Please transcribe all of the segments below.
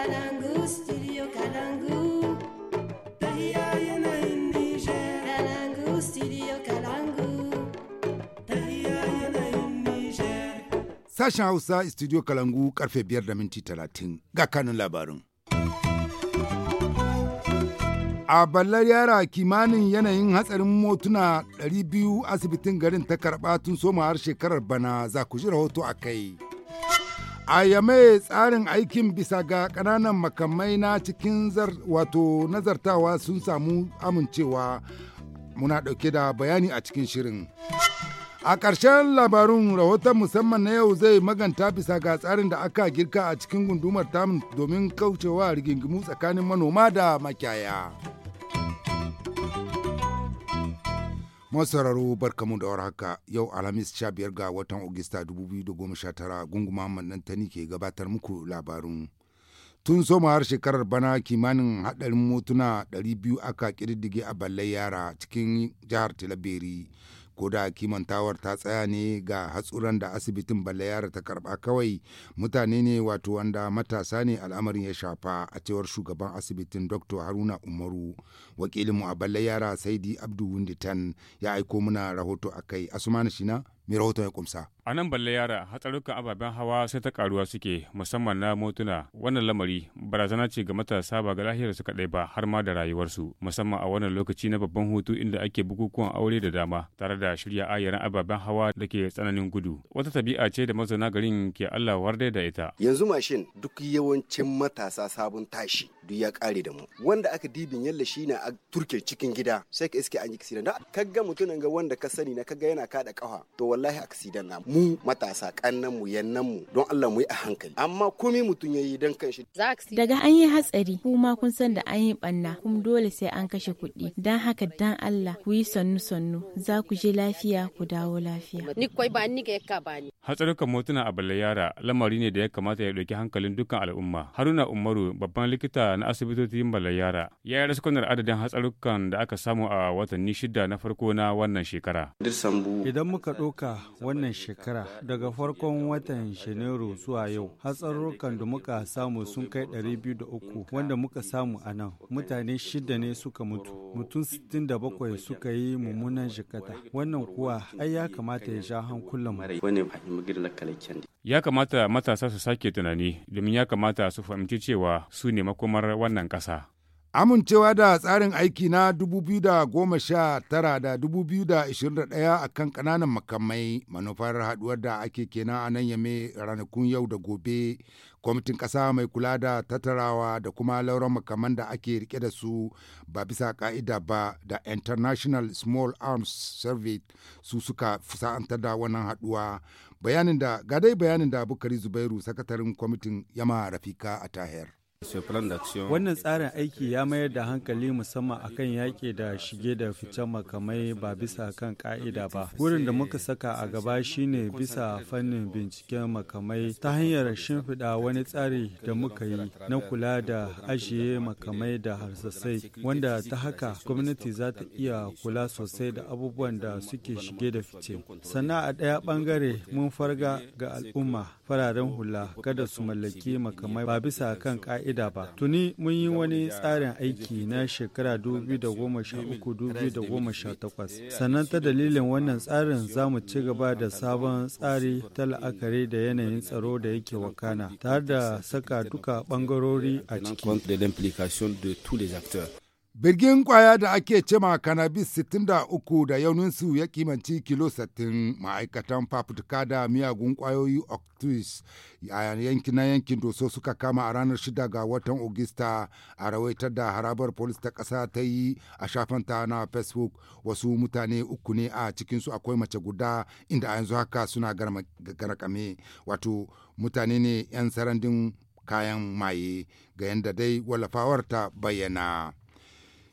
Kalangu, Sashen Hausa, studio Kalangu, karfe biyar da minti talatin ga kanin labarin. a ballar yara kimanin yanayin hatsarin motuna 200 asibitin garin ta karɓa tun soma har shekarar bana za ku ji rahoto a kai. a yame tsarin aikin bisa ga ƙananan makamai na cikin wato nazartawa sun samu amincewa muna ɗauke da bayani a cikin shirin a ƙarshen labarun rahoton musamman na yau zai maganta bisa ga tsarin da aka girka a cikin gundumar tamun domin kaucewa rigingimu tsakanin manoma da makiyaya. bar barkamu da haka yau alhamis 15 ga watan ogista 2019 gungu muhammad tani ke gabatar muku labarun tun har shekarar bana kimanin hadarin motuna 200 aka kididdige a ballai yara cikin jihar tilaberi ko da kimantawar ta tsaya ne ga hatsuran da asibitin yara ta karba kawai mutane ne wato wanda matasa ne al'amarin ya shafa a cewar shugaban asibitin dr haruna umaru wakilinmu a balayara saidi abdu winditan ya aiko muna rahoto akai asumana shina mai rahoton ya kumsa. A nan balle yara hatsarukan ababen hawa sai ta karuwa suke musamman na motuna wannan lamari barazana ce ga matasa ba ga lahiyar su kadai ba har ma da rayuwarsu musamman a wannan lokaci na babban hutu inda ake bukukuwan aure da dama tare da shirya yaren ababen hawa da ke tsananin gudu wata tabi'a ce da mazauna garin ke Allah warde da ita. Yanzu mashin duk yawancin matasa sabon tashi duk ya kare da mu wanda aka dibin yalla shi na a turke cikin gida sai ka iske an yi kisira da kaga mutumin ga wanda ka sani na kaga yana kada kafa to wallahi accident na mu matasa kannan mu yannan mu don Allah mu yi a hankali amma komai mutum yayi dan kanshi daga an yi hatsari kuma kun san da an yi banna kuma dole sai an kashe kuɗi dan haka dan Allah ku yi sannu sannu za ku je lafiya ku dawo lafiya ni koi ba ni ga yakka ba ni hatsarukan motuna a Balayara lamari ne da ya kamata ya dauki hankalin dukkan al'umma Haruna Umaru babban likita na asibitocin Balayara ya yi raskunar adadin hatsarukan da aka samu a watanni shida na farko na wannan shekara idan muka ɗauka a wannan shekara daga farkon watan Janairu zuwa yau hatsarurrukan da muka samu sun kai 203 wanda muka samu a nan mutane shida ne suka mutu mutum 67 suka yi mummunan jikata wannan kuwa ai ya kamata ya sha hankulan ya kamata matasa su sake tunani domin ya kamata su fahimci cewa su ne makomar wannan kasa. Amincewa da tsarin aiki na 2019 da 2021 a kan ƙananan makamai manufar haɗuwar da ake kenan a nan yame ranakun yau da gobe kwamitin ƙasa mai kula da tattarawa da kuma lauran makaman da ake rike da su ba bisa ƙa'ida ba da international small arms survey su suka fusa'antar da wannan haɗuwa bayanin da gadai bayanin da bukari zubairu sakataren kwamitin yama rafika a tahir Wannan tsarin aiki ya mayar da hankali musamman akan yaƙi da shige da ficen makamai ba bisa kan ƙa'ida ba. Wurin da muka saka a gaba shine bisa fannin binciken makamai ta hanyar shimfiɗa wani tsari da muka yi na kula da ajiye makamai da harsasai wanda ta haka gwamnati za ta iya kula sosai da abubuwan da suke shige da fice. Sannan a ɗaya ɓangare mun farga ga al'umma fararen hula kada su mallaki makamai ba bisa kan ƙa'ida ka'ida ba. Tuni mun yi wani tsarin aiki na shekara 2013-2018. Sannan ta dalilin wannan tsarin za mu ci gaba da sabon tsari ta la'akari da yanayin tsaro da yake wakana, tare da saka duka bangarori a ciki. Birgin kwaya da ake cema cannabis 63 da yauninsu ya kimanci kilo 60 ma'aikatan fafutuka da miyagun kwayoyi octus a yankin na yankin doso suka kama a ranar 6 ga watan Ogista a rawaitar da harabar polis ta kasa ta yi a shafanta na Facebook wasu mutane uku ne a cikinsu akwai mace guda inda a yanzu haka suna garakame wato mutane ne 'yan sarandin kayan maye ga yadda dai wallafawar ta bayyana.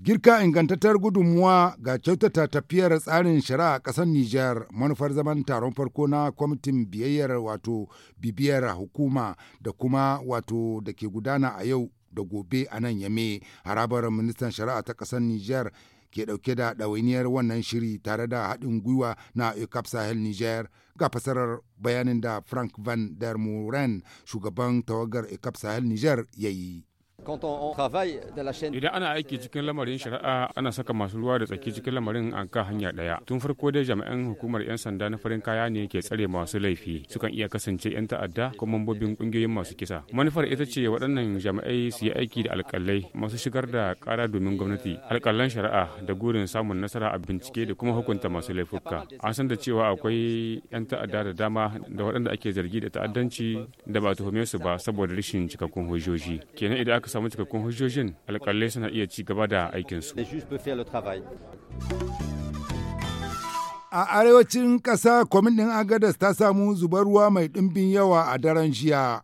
Girka ingantattar gudunmuwa ga kyautata tafiyar tsarin shari'a a ƙasar Nijar manufar zaman taron farko na kwamitin biyayyar wato bibiyar hukuma da kuma wato da ke gudana a yau da gobe a nan yame harabar ministan shari'a ta ƙasar Nijar ke ɗauke da ɗawainiyar wannan shiri tare da haɗin gwiwa na ECAP Sahel Niger ga fasarar bayanin da Frank Van der Muren shugaban tawagar ECAP Sahel Niger ya yi. Idan ana aiki cikin lamarin shari'a ana saka masu ruwa da tsaki cikin lamarin an ka hanya daya. Tun farko dai jami'an hukumar 'yan sanda na farin kaya ne ke tsare masu laifi. Sukan iya kasance 'yan ta'adda ko mambobin kungiyoyin masu kisa. Manufar ita ce waɗannan jami'ai su yi aiki da alƙalai masu shigar da ƙara domin gwamnati. Alƙalan shari'a da gurin samun nasara a bincike da kuma hukunta masu laifuka. An san da cewa akwai 'yan ta'adda da dama da waɗanda ake zargi da ta'addanci da ba tuhume su ba saboda rashin cikakkun hujjoji. Kenan idan aka aka samu cikakkun hujjojin alƙalai suna iya ci gaba da aikinsu. A arewacin ƙasa kwamitin Agadas ta samu zubar ruwa mai ɗimbin yawa a daren jiya.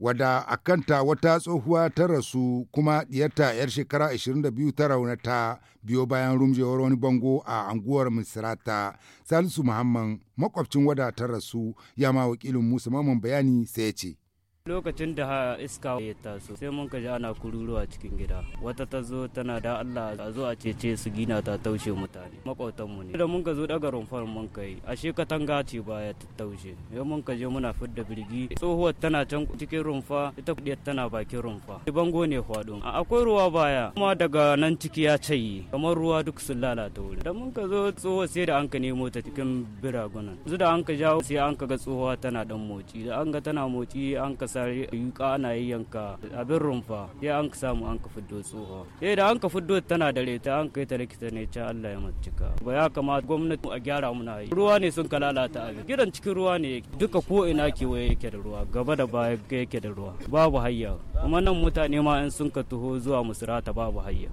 Wada a kanta wata tsohuwa ta rasu kuma diyarta 'yar shekara 22 ta raunata biyo bayan rumjewar wani bango a anguwar Misrata. Salisu Muhammad makwabcin wada ta rasu ya ma wakilin Musa Maman bayani sai ce. lokacin da iska ya taso sai mun ka ji ana kururuwa cikin gida wata ta zo tana da Allah a zo a cece su gina ta taushe mutane makwautan mu ne da mun ka zo daga rumfar mun kai ashe katanga ce baya ta taushe ya mun ka je muna fidda birgi tsohuwar tana can cikin rumfa ita kudiyar tana bakin rumfa bango ne hwado akwai ruwa baya kuma daga nan ciki ya cayi kamar ruwa duk sun lalata wurin da mun ka zo tsohuwar sai da an ka nemo ta cikin biragunan zu da an ka jawo sai an ka ga tsohuwa tana dan motsi da an ga tana motsi an ka sare kana ana yanka abin rumfa sai an ka samu an ka fiddo tsoho eh da an ka fiddo tana da reta an kai ta likita ne can Allah ya cika ba ya kamata gwamnati a gyara muna yi ruwa ne sun lalata abin gidan cikin ruwa ne duka ko ina kewaye yake da ruwa gaba da baya ga yake da ruwa babu hayya kuma nan mutane ma in sun ka taho zuwa musirata babu hayya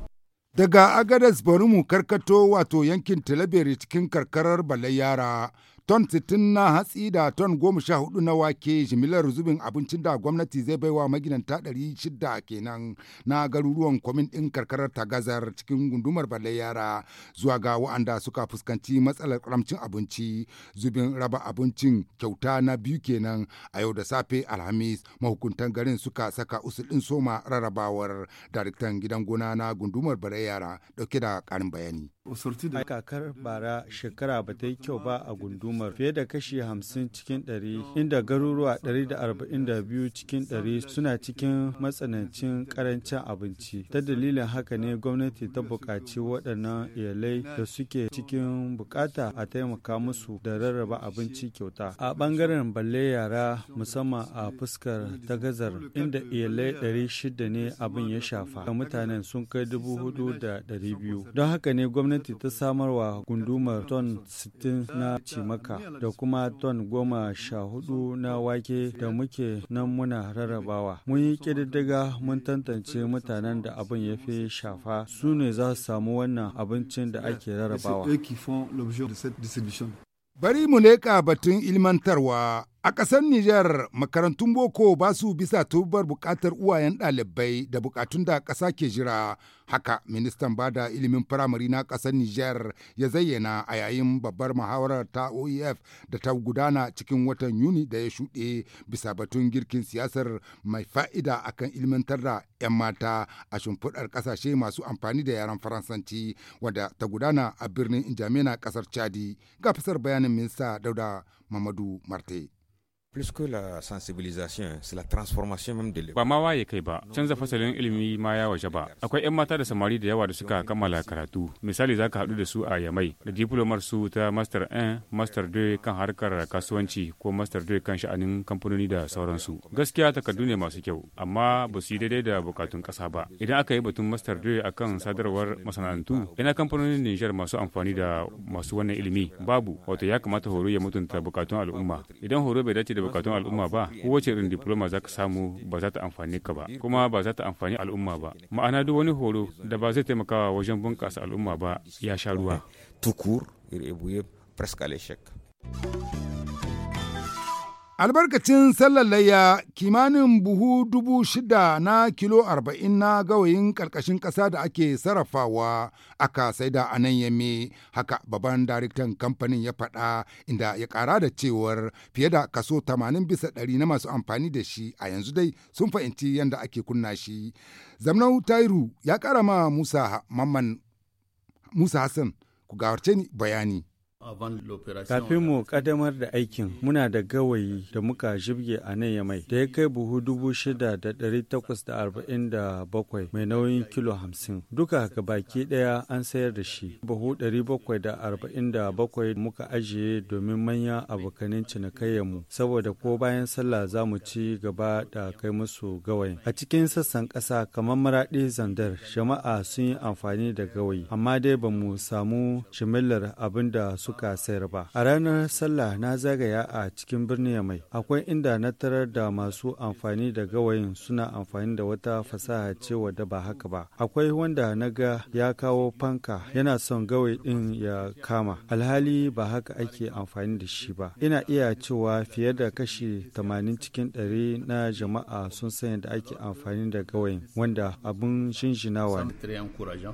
daga agadas bari mu karkato wato yankin talabere cikin karkarar balayara yara ton sittin na hatsi da ton goma sha hudu na wake jimilar zubin abincin da gwamnati zai bai baiwa maginanta shida kenan na garuruwan kwamin ɗin karkarar ta gazar cikin gundumar balle yara zuwa ga wa'anda suka fuskanci matsalar karamcin abinci zubin raba abincin kyauta na biyu kenan a yau da safe alhamis mahukuntan garin suka saka usul ɗin soma rarrabawar daraktan gidan gona na gundumar balle yara ɗauke da ƙarin bayani. A kakar bara shekara ba ta yi kyau ba a gundumar fiye da kashi 50 cikin 100 inda garuruwa 142 cikin 100 suna cikin matsanancin karancin abinci. Ta dalilin haka ne gwamnati ta buƙaci waɗannan iyalai da suke cikin bukata a taimaka musu da rarraba abinci kyauta. A ɓangaren balle yara musamman a fuskar ta gazar inda iyalai 600 ne abin ya shafa. Mutanen sun kai 4,200. Don haka ne gwamnati gwamnati ta samarwa gundumar ton 60 na cimaka da kuma ton goma sha hudu na wake da muke nan muna rarrabawa. Mun yi ƙididdiga mun tantance mutanen da abin ya fi shafa su ne za su samu wannan abincin da ake rarrabawa. Bari mu leƙa batun ilmantarwa. A ƙasar Nijar, makarantun boko ba su bisa tubar buƙatar uwayen ɗalibai da buƙatun da ƙasa ke jira. Haka, ministan bada ilimin firamare na ƙasar Nijar ya zayyana a yayin babbar muhawarar ta OEF da ta gudana cikin watan Yuni da ya shuɗe bisa batun girkin siyasar mai fa'ida akan ilmantar da 'yan mata a shimfiɗar ƙasashe masu amfani da yaren Faransanci wadda ta gudana a birnin Injamena ƙasar Chadi. Ga fasar bayanin minista Dauda Mamadu Marte. plus que la sensibilisation c'est la transformation même de ba ma waye kai ba canza fasalin ilimi ma ya waje ba akwai yan mata da samari da yawa da suka kammala karatu misali zaka haɗu da su a yamai da diplomar su ta master 1 master 2 kan harkar kasuwanci ko master 2 kan sha'anin kamfanoni da sauransu gaskiya takardu ne masu kyau amma ba su yi daidai da bukatun ƙasa ba idan aka yi batun master 2 akan sadarwar masana'antu ina kamfanonin Nijar masu amfani da masu wannan ilimi babu wato ya kamata horo ya mutunta bukatun al'umma idan horo bai dace da bukatun al'umma ba kowace irin diploma za ka samu ba za ta amfani ka ba kuma ba za ta amfani al'umma ba ma'ana duk wani horo da ba zai taimakawa wajen bunƙasa al'umma ba ya sha ruwa tukur presque à l'échec. albarkacin sallar layya kimanin buhu dubu shida na kilo arba'in na gawayin ƙarƙashin ƙasa da ake sarrafawa aka saida a nan yamme haka babban daraktan kamfanin ya faɗa inda ya ƙara da cewar fiye da kaso 80 bisa ɗari na masu amfani da shi a yanzu dai sun fahimci yadda ake kunna shi zamnau tairu ya ƙara ma musa musa hassan ku gawarce ni bayani Kafin mu kadamar da aikin muna da gawayi da muka jibge a nan yamai da ya kai buhu 6,847 mai nauyin kilo hamsin Duka ga baki daya an sayar da shi. Buhu 747 muka ajiye domin manya abokanin mu saboda ko bayan sallah za mu ci gaba da kai musu gawayin. A cikin sassan ƙasa kamar maraɗi zandar jama'a sun yi amfani da gawayi amma dai ba mu samu shimillar abin da suka suka sayar ba. A ranar sallah na zagaya a cikin birnin mai akwai inda na tarar da masu amfani da gawayin suna amfani da wata fasaha cewa da ba haka ba. Akwai wanda na ga ya kawo fanka yana son gawayi din ya kama. Alhali ba haka ake amfani da shi ba. Ina iya cewa fiye da kashi tamanin cikin 100 na jama'a sun sanya da ake amfani da gawayin wanda abin shinshinawa ne.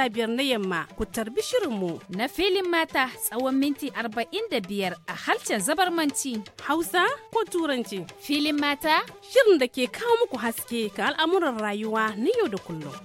15 na yamma ku tarbi shirinmu. Na filin mata tsawon minti arba'in da biyar a halcin zabarmanci. Hausa ko Turanci? Filin mata? Shirin da ke kawo muku haske ga al'amuran rayuwa na yau da kullum.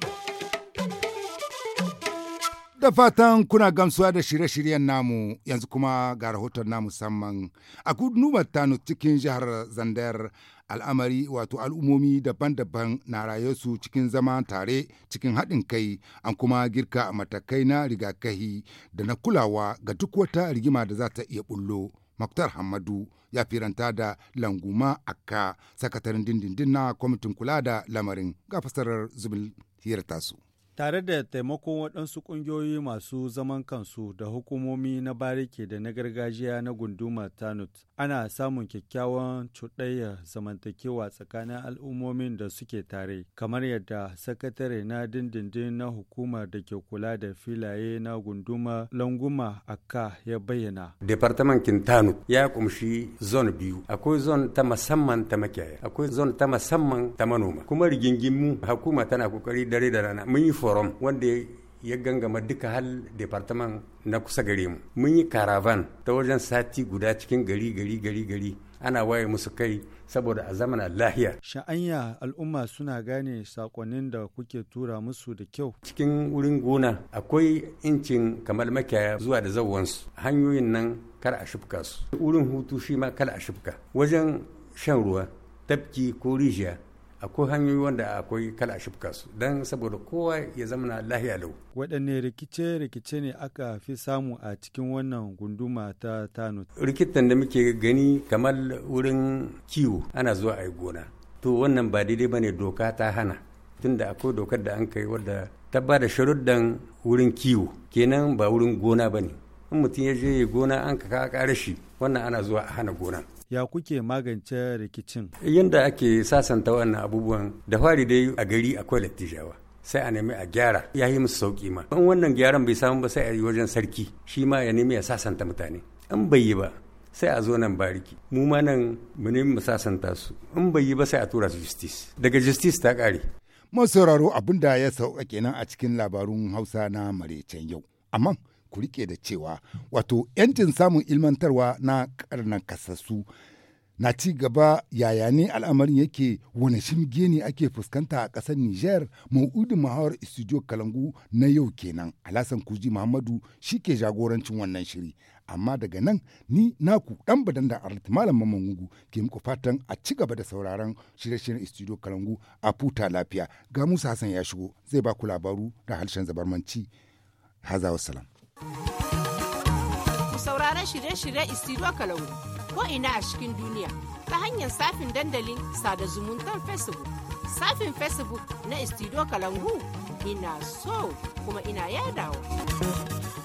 Da fatan kuna gamsuwa da shirye-shiryen namu yanzu kuma ga rahoton na musamman a kudu Tano cikin jihar Zandar al'amari wato al'ummomi daban-daban na rayuwarsu cikin zama tare cikin haɗin kai an kuma girka matakai na rigakahi da na kulawa ga duk wata rigima da za ta iya bullo. Muktar Hamadu ya firanta da Languma Akka, sakataren dindindin na kwamitin kula da lamarin ga fasarar zubin hirar tasu. tare da taimakon waɗansu ƙungiyoyi masu zaman kansu da hukumomi na barike da na gargajiya na gunduma tanut ana samun kyakkyawan cuɗayya zamantakewa tsakanin al'ummomin da suke tare kamar yadda sakatare na dindindin na hukumar da ke kula da filaye na gunduma languma akka ya bayyana departamentin tanut ya kumshi zon biyu akwai zon ta musamman ta makiyaya akwai zon ta musamman ta manoma kuma rigingimu hukuma tana kokari dare da rana mun yi forum wanda ya gangama duka hal departaman na kusa gare mu mun yi karavan. ta wajen sati guda cikin gari gari gari gari ana waye musu kai saboda a zaman lahiya. Sha'anya al'umma suna gane sakonnin da kuke tura musu da kyau. Cikin wurin gona akwai incin kamar makiyaya zuwa da zawansu hanyoyin nan kar a shifka su. Wurin hutu shi ma kar a shifka. Wajen shan ruwa, tafki ko rijiya akwai hanyoyi wanda akwai kala a shifka su don saboda kowa ya zama lahiya lau waɗanne rikice-rikice ne aka fi samu a cikin wannan gunduma ta tano rikitan da muke gani kamar wurin kiwo ana zuwa a yi gona to wannan ba daidai ba ne doka ta hana tunda akwai dokar da an kai wadda ta ba da sharuddan wurin kiwo kenan ba wurin gona ba ne in mutum ya je gona an ka kara shi wannan ana zuwa a hana gona ya kuke magance rikicin yadda ake sasanta wannan abubuwan da fari dai a gari akwai lattijawa sai a nemi a gyara ya yi musu sauƙi ma in wannan gyaran bai samu ba sai a yi wajen sarki shi ma ya nemi ya sasanta mutane in bai yi ba sai a zo nan bariki mu ma nan mu nemi mu sasanta su in bai yi ba sai a tura su justice daga justice ta ƙare. masu sauraro abin da ya sauka kenan a cikin labarun hausa na maraicen yau amma ku rike da cewa wato 'yancin samun ilmantarwa na karnan kasassu na ci gaba yaya ne al'amarin yake wani shimge ne ake fuskanta a ƙasar niger ma'udin mahawar studio Kalangu na yau kenan Alhassan Kuji Muhammadu shi ke jagorancin wannan shiri amma daga nan ni naku dan badan da Arlit Malam Mamangugu ke muku fatan a ci gaba da sauraron shirye-shiryen studio Kalangu a futa lafiya ga Musa Hassan ya shigo zai ba ku labaru da harshen zabarmanci haza salam. Ku saurara shirye shiryen Istiro Kalangu ko ina a cikin duniya ta hanyar safin dandalin sada zumuntar Facebook. Safin Facebook na Istiro Kalangu ina so kuma ina yadawa.